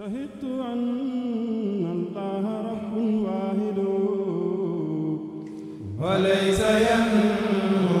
شهدت أن الله رب واحد وليس ينمو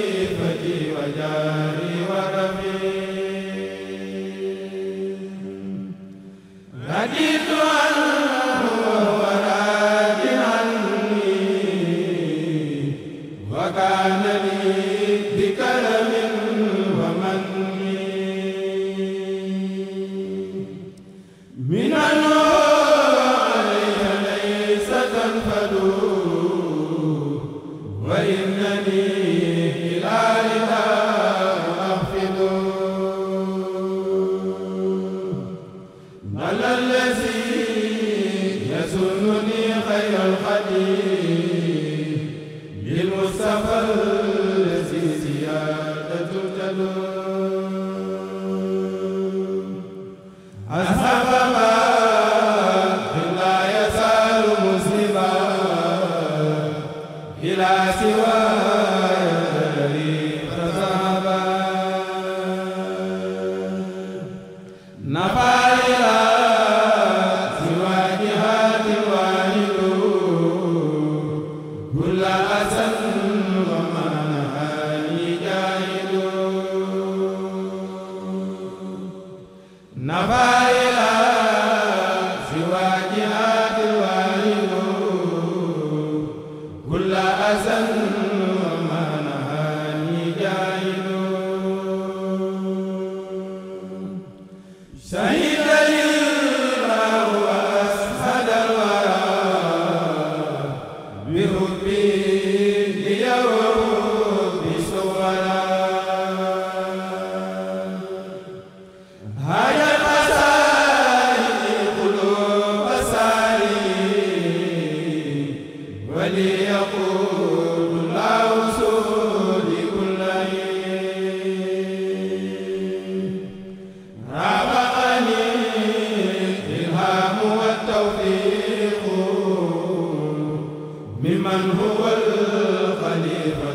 mimman huwa al-khalifa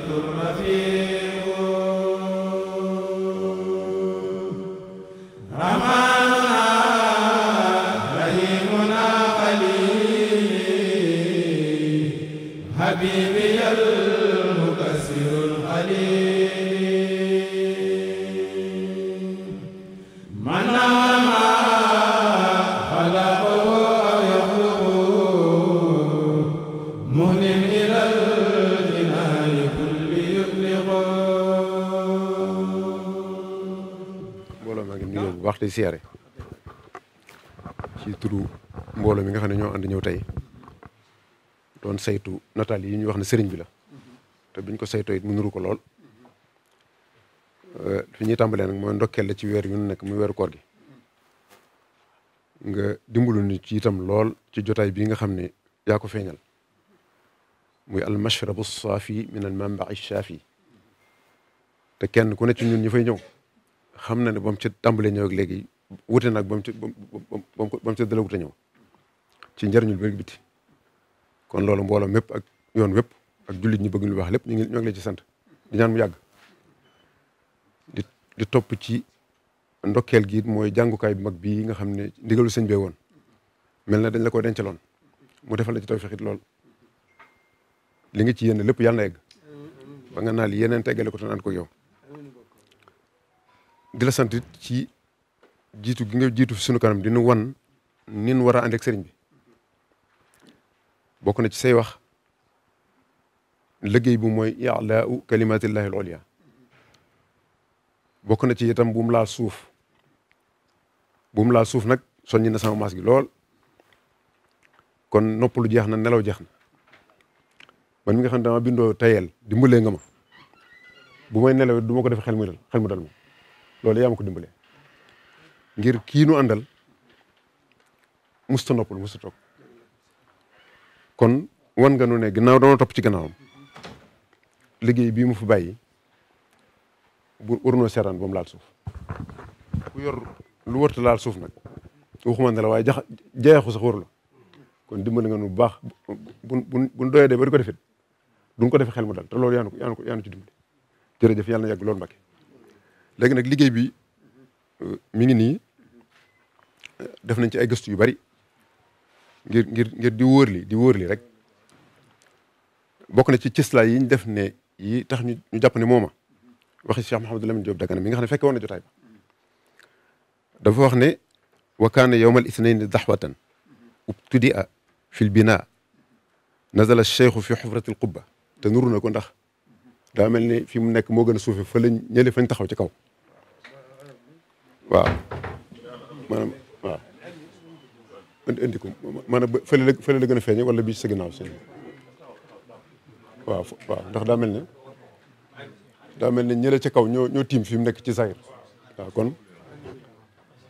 saytu nataal yi ñuy wax ne sëriñ bi la te biñ ko saytoo it mu nuru ko lool euh, fi ñuy tàmbalee nag mooy ndokkeel la ci weer yu nekk mu weeru koor gi nga dimbalu ni ci itam lool ci jotaay bii nga xam ne yaa ko feeñal muy al mashrabu saafi min al manbai shaafi te kenn ku ne ci ñun ñu fay ñëw xam na ne ba mu ci tàmbalee ñëw ak léegi wute nag ba mu ci ba mu ñëw kon loolu mbooloo mépp ak yoon wépp ak jullit ñi bëgg lu baax lépp ñu ngi ñoo ngi la ci sant di ñaan mu yàgg di di topp ci ndokkeel gi mooy jàngukaay bu mag bii nga xam ne ndigalu sëñ bee woon mel na dañ la ko dencaloon mu defal la ci tawfeex it lool li nga ci yéen lépp yàlla na yegg ba nga naal yeneen teggale ko te naan ko yow di la sant ci jiitu gi nga jiitu sunu kanam di nu wan nin war a ànd ak sëriñ bi bokk na ci say wax liggéey bi mooy ilaau kalimatillahi al-ulya bokk na ci itam bu laal suuf bu mu laal suuf nag soññi na sama maas lool kon nopp lu jeex na nelaw jeex na man mi nga xam ne dama bindoo tayel dimbalee nga ma bu nelaw du ma ko def xel mu dal xel dal ma loolu yaa ma ko dimbalee ngir kiinu nu àndal musta noppal musta toog kon wan nga nu ne ginnaaw doona topp ci gannaawam liggéey bii mu fi bàyyi bu urnoo seraan ba mu laal suuf ku yor lu wërta laal suuf nag waxuma ne la waaye jax jeexu sax wër la kon dimbali nga nu bu baax bu bu bu doyee de ba di ko defit duñ ko defe xel mu dal te loolu yaanu ko yaanu ko yaanu ci dimbali jërëjëf yàlla na yàgg loolu Mbàkke léegi nag liggéey bi euh, mi ngi nii def nañ ci ay gëstu yu bari ngir ngir ngir di wóor li di wóor li rek bokk na ci cëslaay yi ñu def ne yi tax ñu ñu jàpp ne mooma waxi Cheikh Mouhamadou Lamine Diop Dagana mi nga xam ne fekke woon na jotaay ba dafa wax ne wa kaana yowmal itnayn daxwatan ubtudi a fil bina nazala cheikhu fi xufratil qubba te nuru na ko ndax daa mel ne fi mu nekk moo gën a suufe fa la ñële fañ taxaw ci kaw indi ko maanaam ba fële gën a feeñe wala bii sa ginnaaw si waaw waaw ndax daa mel ne daa mel ne ñële ca kaw ñoo ñoo tiim fi mu nekk ci sayir waaw kon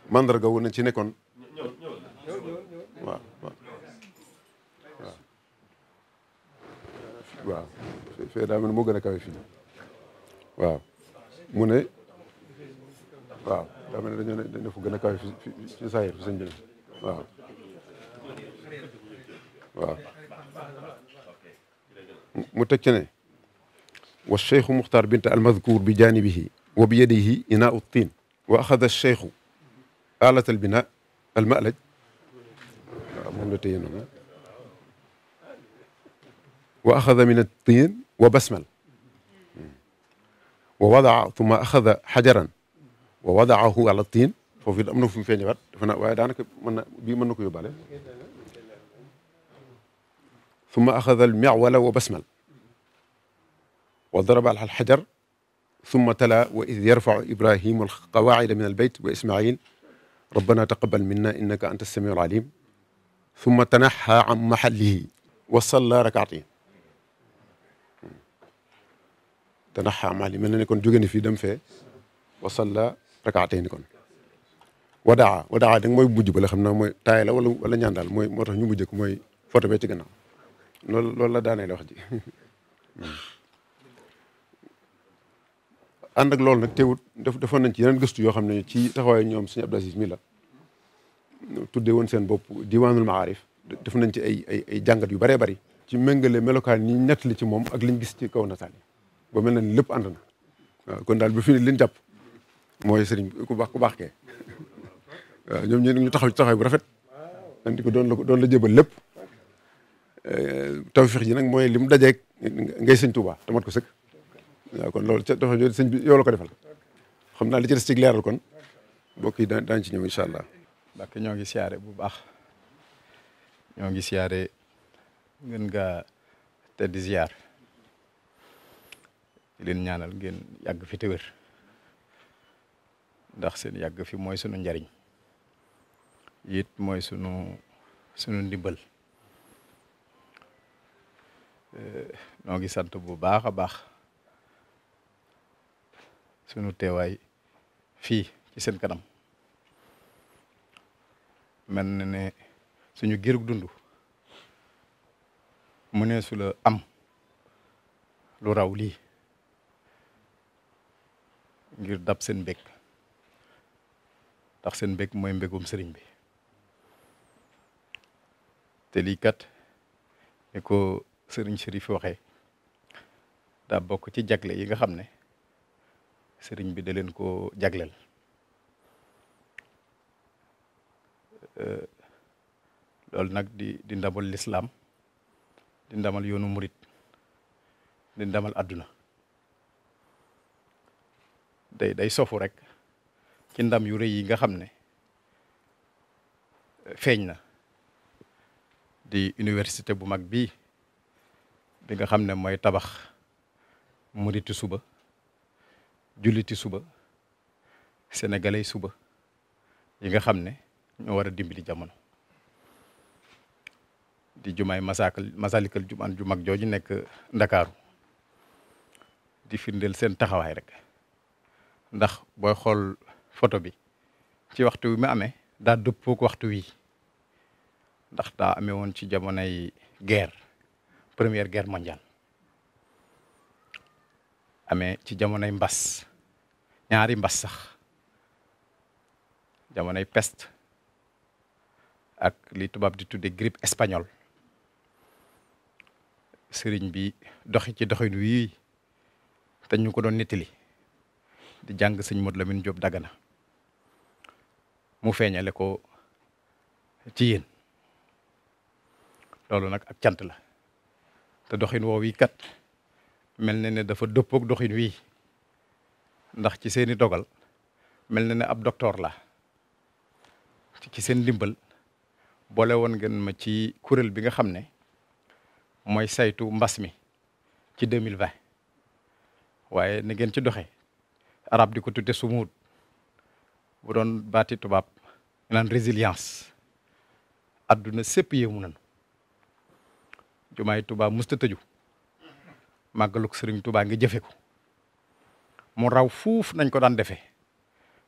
mandarga wu na ci nekkoon waaw waaw waaw fee daa mel ne moo gën a kawe fii waaw mu ne waaw daa ne dañoo ne dañoo fa gën a kawe fi ci sayir fi waaw mu teg ci ne wa cheikhu muxtaar binta almadkour bi janibihi wa bi yadihi inaau tiin wa axada cheikhu alat albina almalaj waaw moom la téye noonu wa axada min attiin wa basmal hmm. wa wadaa tuma axada xajaran wa wadaahu ala tiin foofu it am na fu mu feeñewaat defe naa waaye daanaka mën na bii mën na ko yóbbaale ثم أخذ المعول وبسمل وضرب على الحجر ثم تلا وإذ يرفع إبراهيم القواعد من البيت وإسماعيل ربنا تقبل منا إنك أنت السميع العليم ثم تنحى عن محله وصلى ركعتين تنحى عن محله mel na ni kon jóge na fii dem fee wasalla rakaatee ni kon wadaa wadaa da nga mooy mujj ba la xam naa mooy taay la wala wala ñaan daal mooy moo tax ñu mujj ko mooy foto bee ci gannaaw loolu loolu la daaneel wax ji ànd ak loolu nag teewut def defoon nañ ci yeneen gëstu yoo xam ne ci taxawaayu ñoom suñu Abdou Aziz mi la tuddee woon seen bopp diwaanul maarif def nañ ci ay ay ay jàngat yu bëree bëri ci méngale melokaan yi li ci moom ak liñ gis ci kaw nataal yi ba mel na ni lépp ànd na kon daal bu fi ne liñ jàpp mooy sëriñ ku baax ku baax kee waaw ñoom ñu taxaw ci taxawaay rafet andi ko doon la doon la jëbal lépp taw euh, tawfeex ji nag mooy li mu dajeeg ngay sëñ Touba tamat ko sëkk waaw kon loolu ca dafa sëñ bi yow ko defal xam naa li ci des ci kon mbokk yi daañu ci ñëw incha allah. ndax ñoo ngi siyaare bu baax ñoo ngi siyaare ngeen nga te di ziar leen ñaanal ngeen yàgg fi te wér ndax seen yàgg fi mooy sunu njariñ it mooy sunu sunu ndimbal. Euh, noo ngi sant bu baax a baax sunu teewaay fii ci seen kanam mel na ne suñu girug dund mu ne su am lu raw lii ngir dab seen mbég tax seen mbég mooy mbégum sëriñ bi te lii kat ni ko sëriñ Chérif waxee daa bokk ci jagle yi nga xam ne sëriñ bi da leen koo jagleel euh, loolu nag di di ndamal lislaam di ndamal yoonu murit di ndamal àdduna day day sofu rek ci ndam yu rëy yi nga xam ne euh, feeñ na di université bu mag bii bi nga xam ne mooy tabax muriti suba julliti suba sénégalais suba yi nga xam ne ñoo war a dimbali jamono di jumay masakal masalikal jumaan ju mag jooju nekk ndakaaru di firndeel seen taxawaay rek ndax booy xool photo bi ci waxtu wi mu amee daa dëppook waxtu wi ndax daa amee woon ci jamonoy guerre première guerre mondiale amee ci jamonoy mbas ñaari mbas sax jamonoy peste ak li tubaab di tudde grippe espagnole sëriñ bi doxi ci doxin wii te ñu ko doon nettali di jàng sëñ Modou Lamine Diop Dagana mu feeñale ko ci yéen loolu nag ak cant la te doxin woow yi kat mel na ne dafa dëppoog doxin wii ndax ci seeni dogal mel na ne ab docteur la ci seen ndimbal boole woon ngeen ma ci kuréel bi nga xam ne mooy saytu mbas mi ci 2020 waaye ni ngeen ci doxe arab di ko tudde sumuut bu doon baati tubaab naan résilience adduna sépp yéemu nañu jumaay Touba musta tëju màggaluk sëriñ Touba ngi jëfe ko mu raw fuuf nañ ko daan defe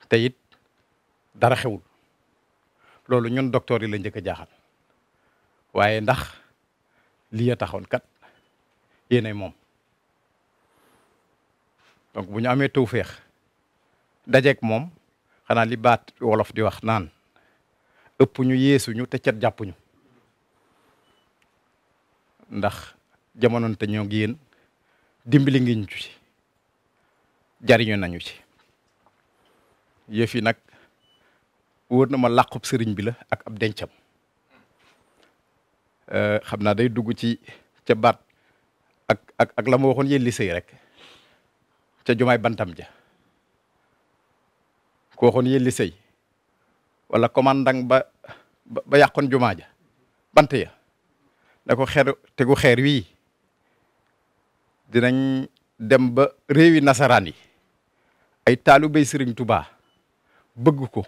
te it dara xewul loolu ñun docteur yi la njëkk a jaaxal waaye ndax li a taxoon kat yéenay moom donc bu ñu amee tawféex dajeeg moom xanaa li baat wolof di wax naan ëpp ñu yeesuñu te cet jàppuñu ndax jamononte ñoo ngi yéen dimbali ngi ñu ci jariñu nañu ci yëf yi nag wóor na ma làqub sëriñ bi la ak ab dencam euh, xam naa day dugg ci ca baat ak ak ak la ma waxoon yéen rek ca jumaay bantam ja ko waxoon yéen lycée wala commandant ba ba yàqoon jumaa ja bant ya la ko tegu xeer wii dinañ dem ba réewi nasaraan yi ay taalubéy sëriñ tubaa bëgg ko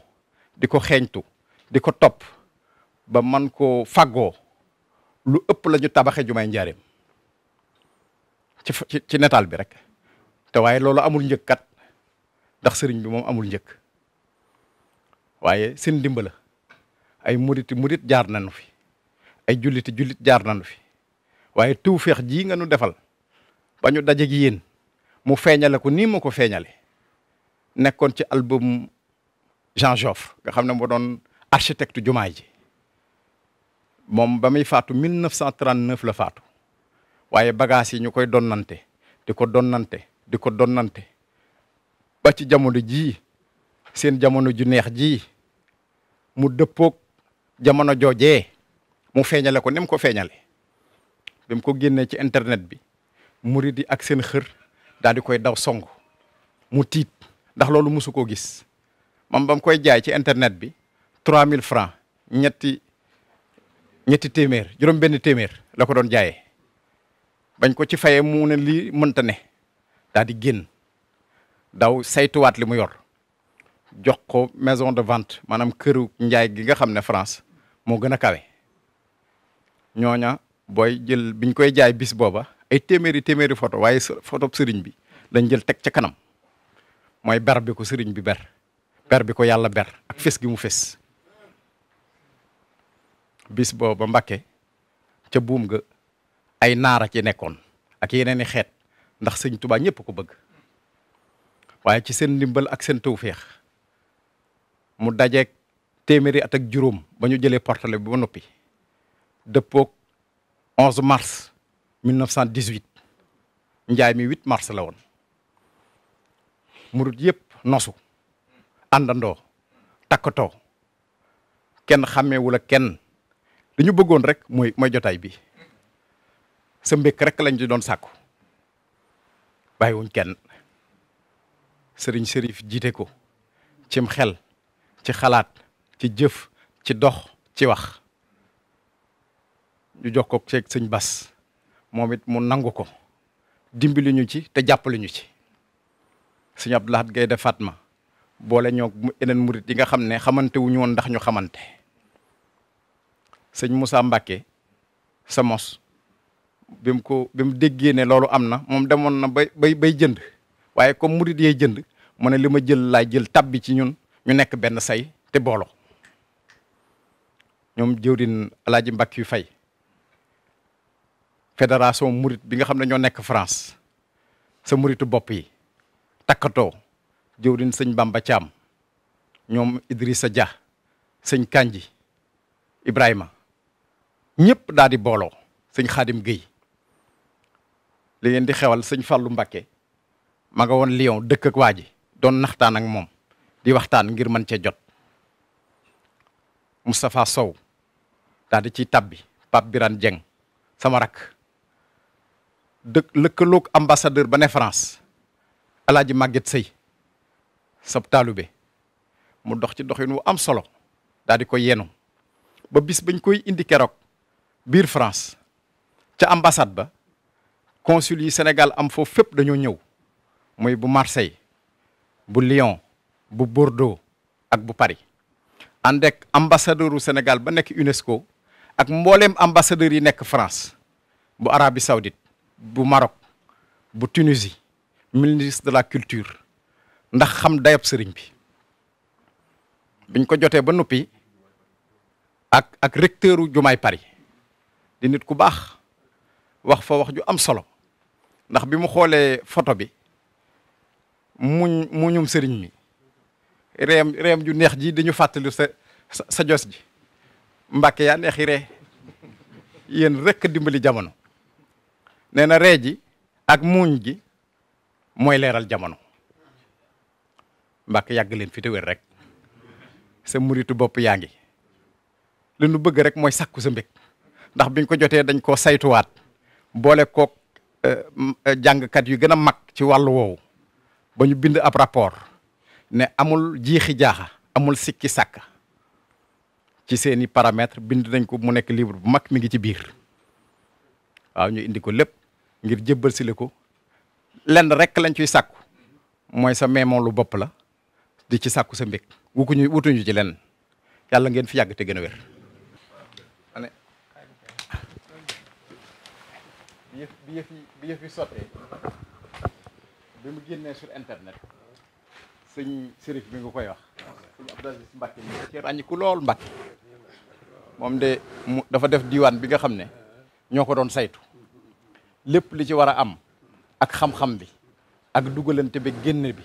di ko xeeñtu di ko topp ba man ko faggoo lu ëpp la tabaxe jumaay njaareem ci ci netaal bi rek te waaye loolu amul njëkkat ndax sëriñ bi moom amul njëkk waaye seen dimbala ay murit murit jaar nañu fi ay julliti jullit jaar nañu fi waaye tawfeex ji nga nu defal ba ñu daje gi yéen mu feeñale ko nii ma ko feeñale nekkoon ci album Jean Joffre nga xam ne moo doon architecte jumaa ji moom ba muy faatu 1939 la faatu waaye bagages yi ñu koy donnante di ko donnante di ko donnante ba ci jamono ji seen jamono ju neex ji mu dëppoog jamono joojee mu feeñale ko ni ko feeñale bi ko génnee ci internet bi muri di ak seen xër daal di koy daw song mu tiit ndax loolu mosu koo gis moom bam koy jaay ci internet bi 3000 francs ñetti ñetti téeméer juróom benn téeméer la ko doon jaayee bañ ko ci fayee mu ne lii mënta ne daal di génn daw saytuwaat li mu yor jox ko maison de vente maanaam këru njaay gi nga xam ne France moo gën a kawe ñooña booy jël biñ koy jaay bis booba ay téeméeri téeméeri photo waaye photo sëriñ bi dañ jël teg ca kanam mooy ber ko sëriñ bi ber ber bi ko yàlla ber ak fes gi mu fes bis booba mbakke ca buum ga ay naara ci nekkoon ak yeneen i xeet ndax sëñ Tuubaa ñëpp ko bëgg waaye ci seen ndimbal ak seen feex mu dajeek téeméeri at ak juróom ba ñu jëlee portale bi ba noppi dëppoog 11 mars 1918 njaay mi 8 mars la woon murit yëpp nosu àndandoo takkatoo kenn xàmmeewul ak kenn li bëggoon rek mooy mooy jotaay bi sa mbékk rek lañ ci doon sàkku bàyyiwuñ kenn sëriñ sërif jiite ko cim xel ci xalaat ci jëf ci dox ci wax ñu jox ko ceeg sëñ Bas moom it mu nangu ko dimbali ñu ci te jàppaluñu ci sëñ Abdou Lahad Gaynde ma boole ñoo yeneen murit yi nga xam ne xamantewuñu woon ndax ñu xamante sëñ Moussa Mbacke sa mos bi mu ko bi mu déggee ne loolu am na moom demoon na bay bay bay jënd waaye comme murit yee jënd mu ne li ma jël laa jël tab bi ci ñun ñu nekk benn say te boolo ñoom jëwrin Alaaji Mbacke yu fay fédération murit bi nga xam ne ñoo nekk France sa muritu bopp yi takkatoo jëwriñ sëñ Bamba Thiam ñoom sa Dia sëñ kànji Ibrahima ñëpp daal di booloo sëñ Xaadim Guèye li ngeen di xewal sëñ Fàllu Mbakke ma nga woon Lyon dëkk ak waa ji doon naxtaan ak moom di waxtaan ngir mën cee jot Moustapha Sow daal di ciy tabbi Pape Birane Dieng sama rak dëkk lëkkaloog ambassadeur ba ne France alaaji màgget Seye sab taalube mu dox ci doxinu am solo daal di ko yenu ba bis bañ koy indi keroog biir France ca ambasad ba consul yi Sénégal am foofu fépp dañoo ñëw muy bu Marseille bu Lyon bu Bordeaux ak bu Paris ànd ak ambassadeur u Sénégal ba nekk UNESCO ak mbooleem ambassadeur yi nekk France bu Arabie Saoudite bu marok bu Tunisie ministre de la culture ndax xam dayab sëriñ bi biñ ko jotee ba noppi ak ak recteuru jumaay Paris di nit ku baax wax fa wax ju am solo ndax bi mu xoolee photo bi muñ muñum sëriñ mi reem reem ju neex ji dañu fàttali sa sa jos ji Mbàkke yaa neexi ree yéen rekk dimbali jamono nee na ree ji ak muuñ gi mooy leeral jamono mbàkk yàgg leen fi rek sa muritu bopp yaa ngi li nu bëgg rek mooy sakku sa mbég ndax biñ ko jotee dañ koo saytuwaat boole kook euh, euh, jàngkat yu gën a mag ci wàllu woowu ba ñu bind ab rapport ne amul jiixi jaaxa amul sikki sàkk ci seeni paramètres bind nañ ko mu nekk libre bu mag mi ngi ci biir waaw ñu indi ko lépp ngir jébbal si la ko lenn rek lañ ciy sàkku mooy sa meemoon lu bopp la di ci sàkku sa mbég wukuñu wutuñu ci lenn yàlla ngeen fi yàgg te gën a wér bi yëf génnee sur internet sëñ sërif bi koy wax lool Mbàkke moom de mu dafa def diwaan bi nga xam ne ñoo ko doon saytu lépp li ci war a am ak xam-xam bi ak dugalante bi génn bi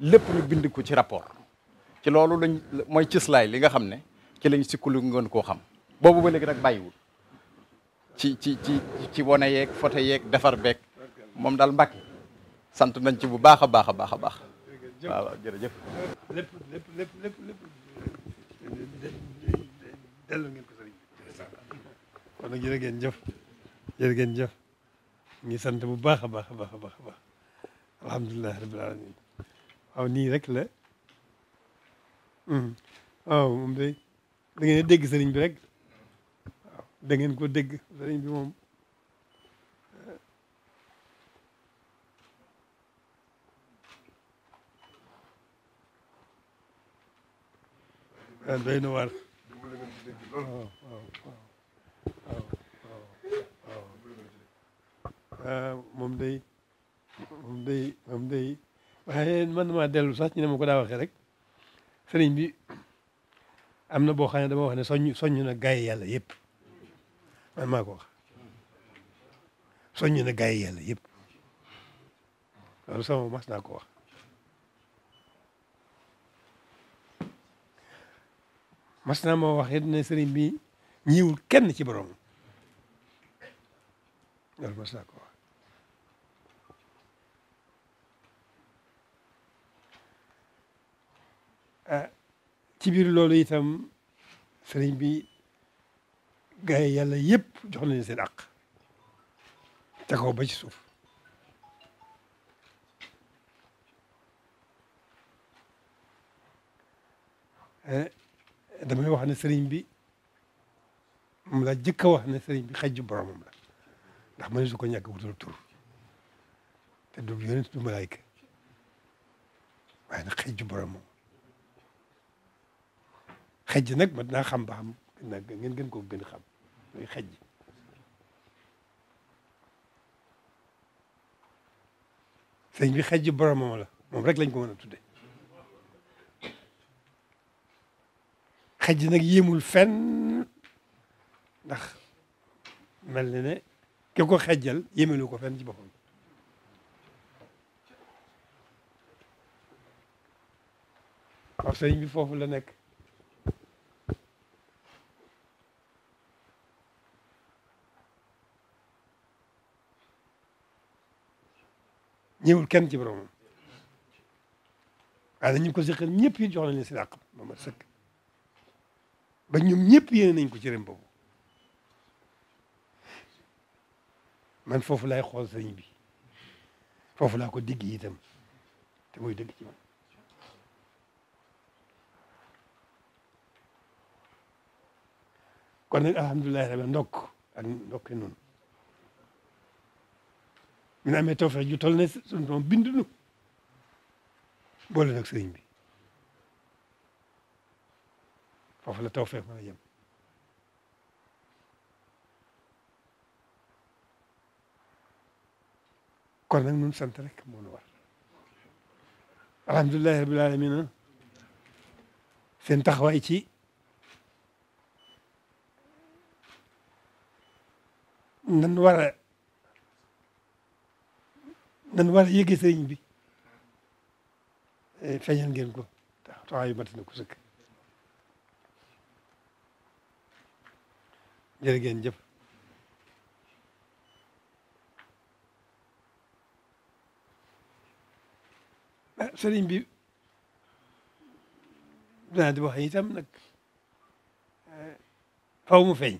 lépp ñu bind ko ci rapport ci loolu lañ mooy cislaay li nga xam ne ci lañ sikkalu ngeen koo xam boobu ba léegi nag bàyyiwul ci ci ci ci yeeg foto yeeg defar beeg moom daal mbàkk sant nañ ci bu baax a baax a baax a baax waaw waaw jërëjëf ngeen ko sëriñ kon nag jëf ñu sant bu baax a baax a baax a baax a baax alhamdulilah rabbil alamin nii rek la hmm. waaw moom day da ngeen dégg sëriñ bi rek waaw da ngeen ko dégg sëriñ bi moom eh, doy na waar moom day moom day moom dellu sax ñu daa waxee rek sëriñ bi am na boo xam ne dama wax ne soññ soññ na gaay yàlla yëpp man maa ko na gaay yàlla naa ko wax mas moo wax ne sëriñ bi ñiiwul kenn ci borom mas naa ko ci biir loolu itam sëriñ bi ga yi yàlla yëpp jox nañu seen àq ca kaw ba ci suuf eh, damay wax ne sëriñ bi moom laa jëkk a wax ne sëriñ bi xajju boromam la ndax ma ne su ko ñàkk wutul tur te du yonent du malaayka waaye nag xajju boromam xejj nag mën naa xam ba xam nag ngeen gën koo gën xam mooy xejj sëñ bi xejj boromam la moom rek lañ ko mën a tudde xejj nag yéemul fen ndax mel na ne ki ko xejjal yéemelu ko fen ci boppam waaw sëñ bi foofu la nekk ñëwul kenn ci boromam waaye ñu ngi ko seqal ñëpp yi jox nañ si seen àq ba ma sëkk ba ñoom ñëpp yéene nañ ko ci rem boobu man foofu laay xool sëriñ bi foofu laa ko digg itam te muy dëgg ci man kon nag alhamdulilahi rabbi ndokk ak ndokk noonu ñu ne amee tawfeex ju toll ne suñu doom boole nag sëriñ bi foofu la tawfeex mën na yem kon nag ñun sant rek moo nu war alhamdulilahi rabil alamina seen taxawaay ci nan war dañu war a yëgee sëriñ bi eh, feeñal ngeen ko taxawaay mat na ko sëkk jërë ngeen jëf eh, sëriñ bi dinaa di wax itam nag eh, faw mu feeñ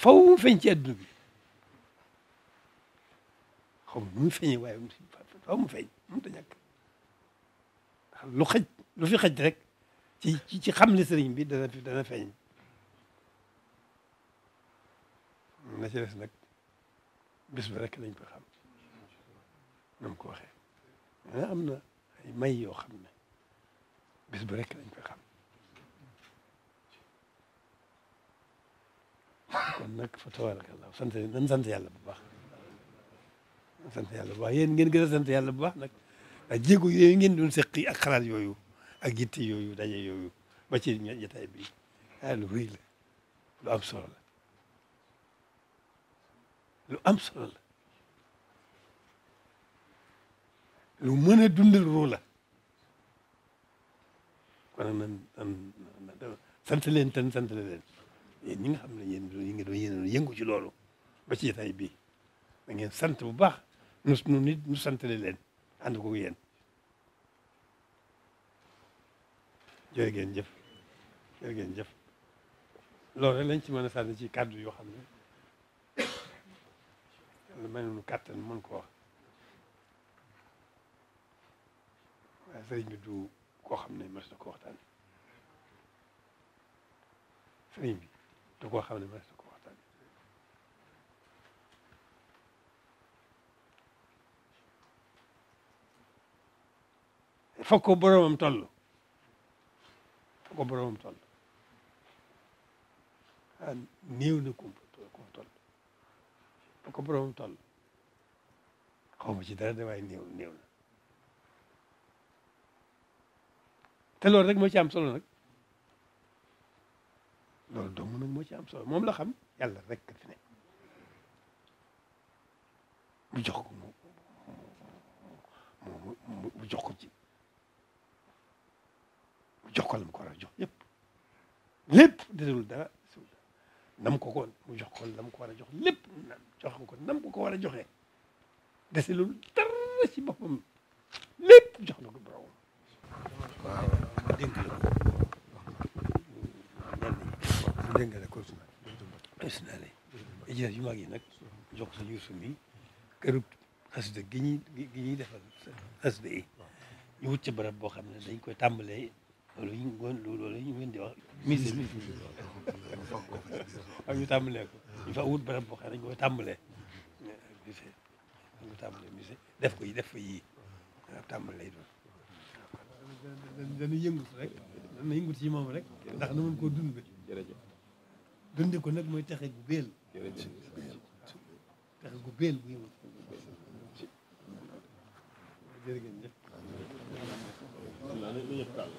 faw mu feeñ ci adduna bi xaw ma nu mu feeñee waaye xaw ma feeñ mënut a ñàkk lu xëj lu fi xëj rek ci ci ci xam ne sëriñ bi dana dana feeñ na ci des nag bis ba rek lañ ko xam na mu ko waxee mais ah, am na ay may yoo xam ne bis ba rek lañ ko xam kon nag fa tabaaraka llaah sant nañ sant yàlla bu baax. sant yàlla bu baax yéen ngeen gën a sant yàlla bu baax nag ndax jéego yooyu ngeen doon seqi ak xalaat yooyu ak yitte yooyu daje yooyu ba ci jotaay bi ah lu rëy la lu am solo la lu am solo la lu mën a dundal ruu la kon nag nan nan sant leen tan sant leen yéen ñi nga xam ne yéen ñi nga doon yéen yëngu ci loolu ba ci jotaay bii da ngeen sant bu baax nu nit nu santale leen ànd ko yéen jërë ngeen jëf jërë ngeen jëf loolu rek lañ ci mën a sànni ci kàddu yoo xam ne lu mel nu kàttan mën ko wax waaye sëriñ bi du koo xam ne mas na ko waxtaan sëriñ bi du koo ne mas na ko fa ko boromam toll fa ko boromam toll ah, néew na ku mu toll fa ko xaw ma ci dara de waaye néew néew na te loolu rek moo ci am solo nag loolu dong nag moo ci am solo moom la xam yàlla rek fi ne mu jox mu mu jox ko ci jox ko la mu ko war jox yëpp lépp desul dara nam ko ko mu jox ko la mu ko war a jox lépp jox ko nam ko ko war a joxe deselul dara boppam lépp jox na ko borom waaw dénk la ko dénk la ko suna nag jox ko suñu sumi kërub xasida gi ñuy gi ñuy defal ñu wut barab boo xam ne dañ ko tàmbalee loolu ñu gën loolu ñu gën di wax mise ak ñu tàmbalee ko ñu fa wut ne dañu koy tàmbalee mise dañu ko tàmbalee mise def ko yi def ko yii ab tàmbale lay doon dana yëngut rek dana yëngut rek ndax na mën koo dund jërëjëf dunde ko nag mooy texe gu béel texe gu béel bu yëngut na ñëpp daal